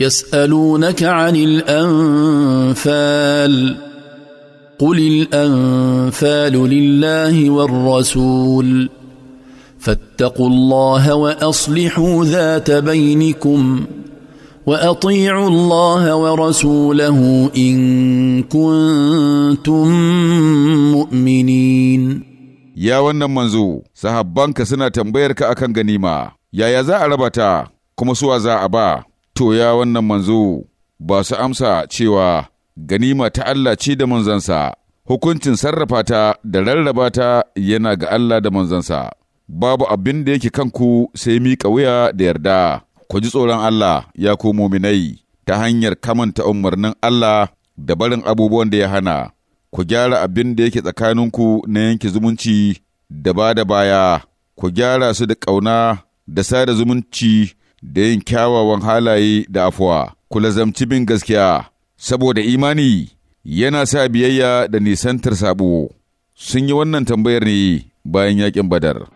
يسالونك عن الانفال قل الانفال لله والرسول فاتقوا الله واصلحوا ذات بينكم واطيعوا الله ورسوله ان كنتم مؤمنين يا wannan manzo sahabbanka suna tambayarka akan ganima yaya za a raba ta kuma suwa za a ba To, wannan manzo, ba su amsa cewa ganima ta Allah ce da manzansa, hukuncin sarrafa ta da rarraba ta yana ga Allah da manzansa, babu abin da yake kanku sai miƙa wuya da yarda, ku ji tsoron Allah ya ku muminai ta hanyar kamanta umarnin Allah da barin abubuwan da ya hana, ku gyara abin da yake tsakaninku na yanke zumunci da ba da baya, ku gyara su da ƙauna da sada zumunci da yin kyawawan halaye da afuwa, kula lazamci bin gaskiya, saboda imani yana sa biyayya da nisantar sabo. Sun yi wannan tambayar ne bayan yaƙin Badar.